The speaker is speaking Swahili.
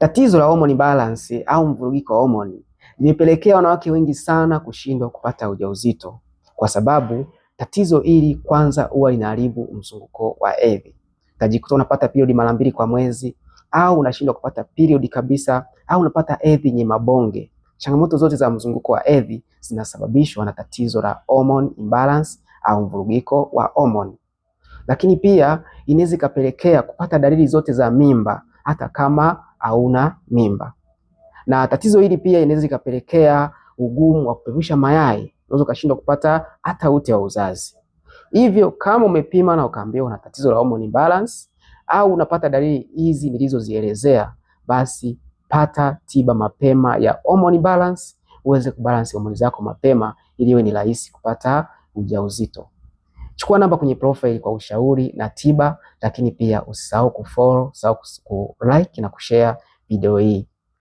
Tatizo la hormone balance au mvurugiko wa homoni limepelekea wanawake wengi sana kushindwa kupata ujauzito, kwa sababu tatizo hili kwanza huwa linaharibu mzunguko wa hedhi. Utajikuta unapata period mara mbili kwa mwezi au unashindwa kupata period kabisa au unapata hedhi yenye mabonge. Changamoto zote za mzunguko wa hedhi zinasababishwa na tatizo la hormone imbalance au mvurugiko wa homoni. Lakini pia inaweza ikapelekea kupata dalili zote za mimba hata kama hauna mimba. Na tatizo hili pia inaweza ikapelekea ugumu wa kupevusha mayai, unaweza ukashindwa kupata hata ute wa uzazi. Hivyo kama umepima na ukaambiwa una tatizo la hormone imbalance au unapata dalili hizi nilizozielezea, basi pata tiba mapema ya hormone balance uweze kubalance homoni zako mapema ili iwe ni rahisi kupata ujauzito. Chukua namba kwenye profile kwa ushauri na tiba, lakini pia usisahau kufollow, usisahau kulike na kushare video hii.